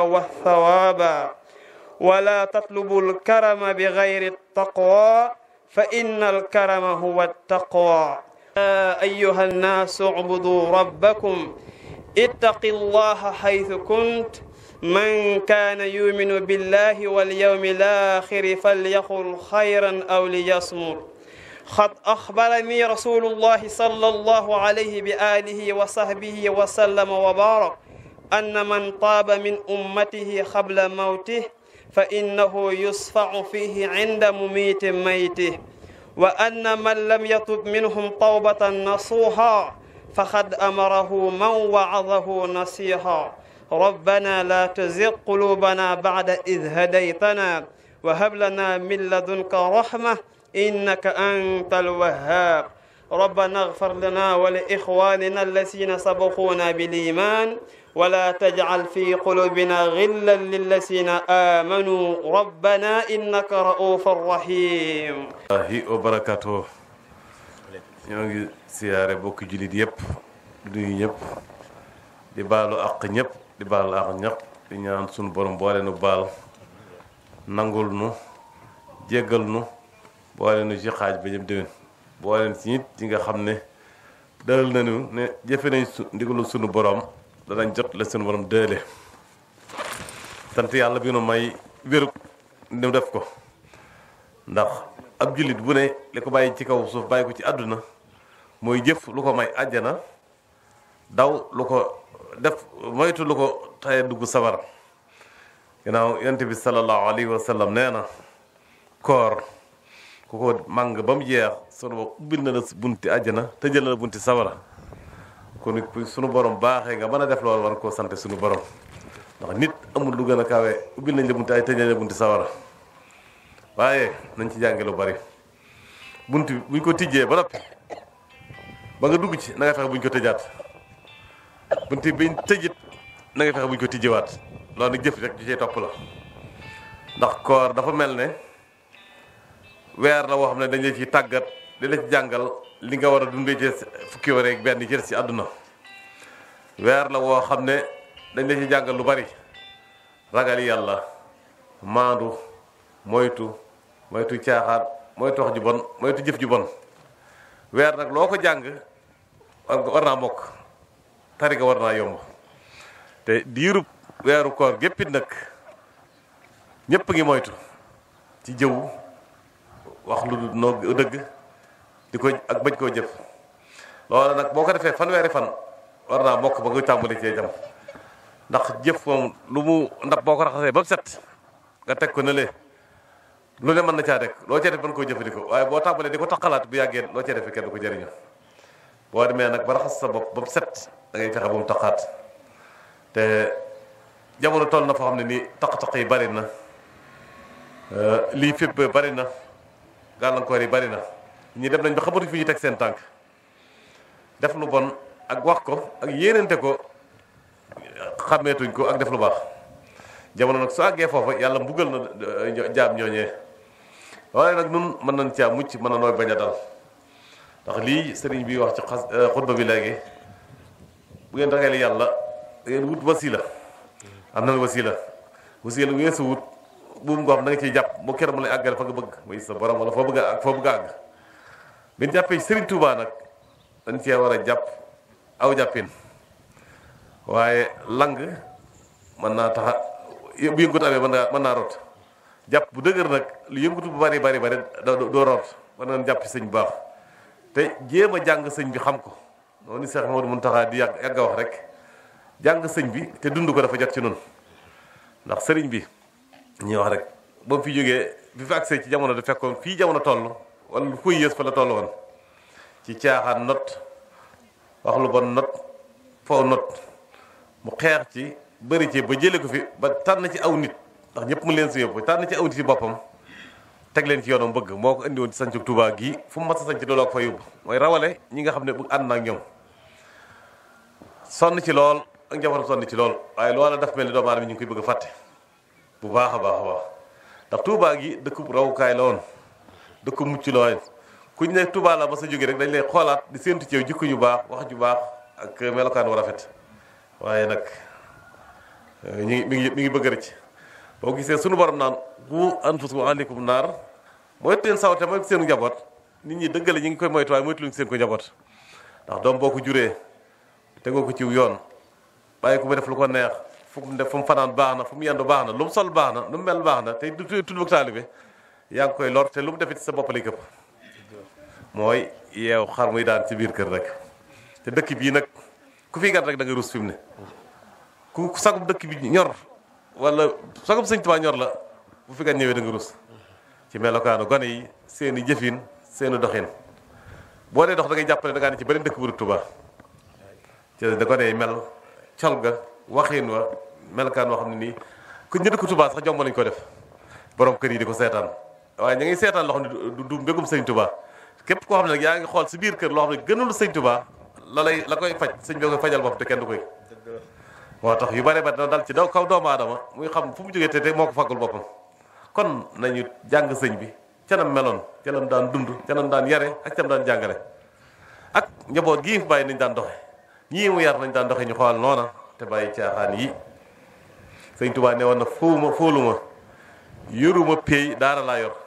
والثواب ولا تطلبوا الكرم بغير التقوى فإن الكرم هو التقوى يا أيها الناس اعبدوا ربكم اتق الله حيث كنت من كان يؤمن بالله واليوم الآخر فليقل خيرا أو ليصمر قد أخبرني رسول الله صلى الله عليه بآله وصحبه وسلم وبارك أن من طاب من أمته قبل موته فإنه يصفع فيه عند مميت ميته وأن من لم يتب منهم توبة نصوها فقد أمره من وعظه نصيحا ربنا لا تزغ قلوبنا بعد إذ هديتنا وهب لنا من لدنك رحمة إنك أنت الوهاب ربنا اغفر لنا ولإخواننا الذين سبقونا بالإيمان ولا تجعل في قلوبنا غلا للذين آمنوا ربنا إنك رؤوف رحيم الله وبركاته ñoo ngi siyaare bokki jullit yëpp di nuyu ñëpp di baalu àq ñëpp di baalu àq ñëpp di ñaan sunu borom boole nu baal nangul nu jéggal nu boole nu ci xaaj ba ñëpp déwén boole ci nit ñi nga xam ne dalal nañu ne jëfe nañ sunu borom danañ jot la seen borom dële sant yàlla bi nu may wérug ni def ko ndax ab jullit bu ne li ko bàyyi ci kaw suuf bàyyi ko ci àdduna mooy jëf lu ko may àjjana daw lu ko def moytu lu ko taye dugg sawara ginnaaw yonent bi sallallahu alayhi wa sallam nee na koor ku ko màng ba mu jeex sunu ubbil na la bunti àjjana tëjal na la bunti sawara kon sunu borom baaxee nga mën a def loolu war koo sante sunu borom ndax nit amul lu gën a kawe ubbil nañ la bunti ay tëj nañ la bunti sawara waaye nañ ci jànge lu bari bunti buñ ko tijjee ba noppi ba nga dugg ci na nga fexe buñ ko tëjaat bunti biñ tëjit na nga fexe buñ ko tijjiwaat loolu nag jëf rek ci cay topp la ndax koor dafa mel ne weer la woo xam ne dañu la ciy tàggat di ci jàngal. li nga war a dundee ci fukki weer ak benn ci àdduna weer la woo xam ne dañ la ci jàngal lu bari ragal yàlla maandu moytu moytu caaxaan moytu wax ju bon moytu jëf ju bon weer nag loo ko jàng war naa mokk tari nga war naa yomb te diirub weeru koor géppit nag ñëpp ngi moytu ci jëw wax lu noo dëgg di ko ak bañ koo jëf loolu nag boo ko defee fanweeri fan war naa bokk ba nga tàmbali cee jam ndax jëf moom lu mu ndax boo ko raxasee ba mu set nga teg ko ne le lu ne mën na caa rek loo cee def mën koo jëfandikoo waaye boo tàmbalee di ko taxalaat bu yàggee loo cee defee kenn du ko jëriñoo boo demee nag ba raxas sa bopp ba mu set da ngay fexe ba mu taxaat te jamono toll na foo xam ne nii taq-taq yi bari na euh, lii fépp bari na gàllankoor yi bari na. ñi dem nañ ba xamatu fi ñu teg seen tànk def lu bon ak wax ko ak yéenante ko xàmmeetuñ ko ak def lu baax jamono nag su àggee foofa yàlla mbugal na eh, jaam ñooñee waaye nag nun mën nañ caa mucc mën na nooy bañ a dal ndax lii sëriñ bi wax ci xas eh, xutba bi léegi bu ngeen ragal yàlla da ngeen wut wasila am na nga wasila wasila weesu wut buum nga xam da nga ciy jàpp mu keram lay àggale fa nga bëgg muy sa borom wala foo bëgg a foo bëgg a bi ñu jàppee Serigne Touba nag dañ cee war a jàpp aw jàppin waaye lang mën naa tax bu yëngut amee mën naa mën naa rot jàpp bu dëgër nag lu yëngutu bu bari bari bari doo root war nañ jàpp sëñ bu baax te jéem a jàng sëñ bi xam ko noonu Cheikh Mamadou Mountakha di yàgg yàgg a wax rek jàng sëñ bi te dund ko dafa jot ci noonu ndax sëriñ bi ñuy wax rek ba mu fi jógee bi fi agsee ci jamono du fekkoon fii jamono toll wala lu koy yées fa la toll woon ci caaxaan not wax lu bon not foo not mu xeex ci bëri ci ba jëlee ko fi ba tànn ci aw nit ndax ñëpp mu leen si yóbbu tànn ci aw nit ci boppam teg leen ci yoonam bëgg moo ko indi woon ci sancug Tuubaa gi fu mu mas a sanc dooloo ko fa yóbbu mooy rawale ñi nga xam ne bu ànd naa ak ñoom sonn ci lool ak njabootam sonn ci lool waaye loola daf mel ni doomu aadama ñu ngi koy bëgg a fàtte bu baax a baax a baax ndax Tuubaa gi dëkk bu rawukaay la woon da ko mucc looy kuñ ne Touba la ba sa jógee rek dañ lay xoolaat di séentu ci yow jikko ju baax wax ju baax ak melokaan wu fet waaye nag euh, ñu ngi mu ngi mi ngi bëgg a rëcc boo gisee sunu borom naan bu anfusukum aleykum naar mooy teen sawte mooy seen njaboot nit ñi dëggale ñu ngi koy moytu waaye moytu luñ seen ko njaboot ndax doom boo ko juree tegoo ko ciw yoon bàyyi ko ba def lu ko neex fu mu mu fanaan baax na fu mu yendu baax na lu mu sol baax na lu mu mel baax na te du tudd taalibe yaa ngi koy lor te lu mu def defit sa bopp lay këpp mooy yeew xar muy daan ci biir kër rek te dëkk bii nag ku fi gàtt rek da nga ruus fi ne ku sagub dëkk bi ñor wala sagub sëñ Tuubaa ñor la bu fi gan ñëwee danga nga ruus ci melokaanu gone yi seeni jëfin seeni doxin boo dee dox da jàppale da ngaa ci beneen dëkk bu dul Tuubaa ci da gone yi mel col ga waxin wa melkaan woo xam ne nii ku ñu dëkk Tuubaa sax jomb lañ ko def borom kër yi di ko seetaan waaye ñu ngi seetaan loxo xam ne du mbégum sëñ Tuba képp koo xam ne nag yaa ngi xool si biir kër loo xam ne gënul sëñ Tuba la lay la koy faj sëñ bi koy fajal bopp te kenn du koy moo tax yu bare ba dana dal ci daw kaw doomu aadama muy xam fu mu jógee te te moo ko faggul boppam kon nañu jàng sëñ bi canam meloon canam daan dund canam daan yare ak canam daan jàngale ak njaboot gii fi bàyyi nañ daan doxe ñii mu yar nañ daan doxe ñu xool noona te bàyyi caaxaan yi sëñ Tuba ne woon na fuuma fuuluma yoruma pay daara laa yor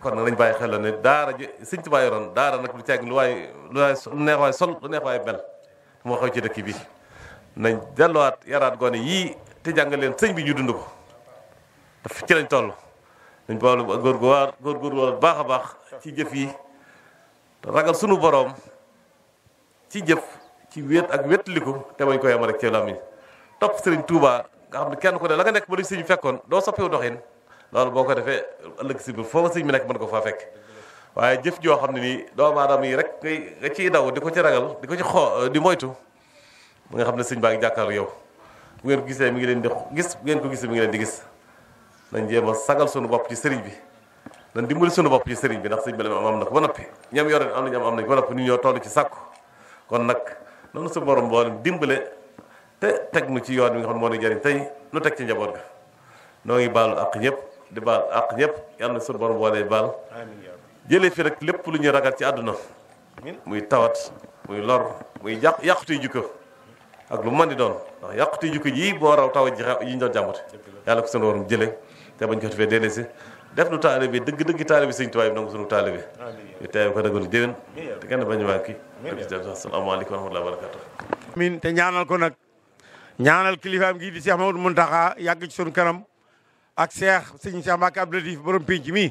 kon nag nañ bàyyi xel la ne daara ji sëñ Tuubaa yoroon daara nag lu caag lu waay lu waay lu waay sol lu neex waay bel moo xew ci dëkk bi nañ delluwaat yaraat gone yii te jàng leen sëñ bi ñu dund ko daf ci lañ toll dañ boole góor gu waar góor góor waar baax a baax ci jëf yi ragal sunu boroom ci jëf ci wéet ak wétliku te bañ ko yem rek ci làmmiñ topp sëriñ Tuubaa nga xam ne kenn ku de la nga nekk ba lu sëñ fekkoon doo soppiwu doxin loolu boo ko defee ëllëg si biir foofu sëñ bi nekk mën ko faa fekk waaye jëf joo xam ne nii doomu aadama yi rek ngay nga ciy daw di ko ci ragal di ko ci xoo di moytu ba nga xam ne sëñ baa ngi jàkkaarloo yow bu ngeen ko gisee mi ngi leen di gis ngeen ko gisee mi ngi di gis nañ jéem a sagal sunu bopp ci sëriñ bi na dimbali sunu bopp ci sëriñ bi ndax sëñ ba la am na ko ba noppi ñam yore am na ñam am nañ ko ba noppi ñu ñoo toll ci sàkku kon nag noonu su borom boolem dimbale te teg nu ci yoon bi nga xam ne moo di jëriñ tey nu teg ci njaboot ga noo ngi baalu di baal àq ñëpp yal na sa bor boolee baal fi rek lépp lu ñu ragal ci àdduna muy tawat muy lor muy yàq yàqutuy jikko ak lu mën di doon ndax yàqutuy jikko yi boo raw tawat ji yi ñu doon jàmbate yàlla ko seen warum jëlee te bañ ko defee déedéet def nu taale bi dëgg dëgg taale bi sëñ tuwaay bi nangu sunu taale bi ñu teew ko dëgg lu déwén te kenn bañ manki dëgg asalaamaaleykum wa rahmatulah barakatu min te ñaanal ko nag ñaanal kilifaam gii di Cheikh Mamadou sunu kanam ak Cheikh sëñ Cheikh Mbacké Abdou Latif borom pénc mi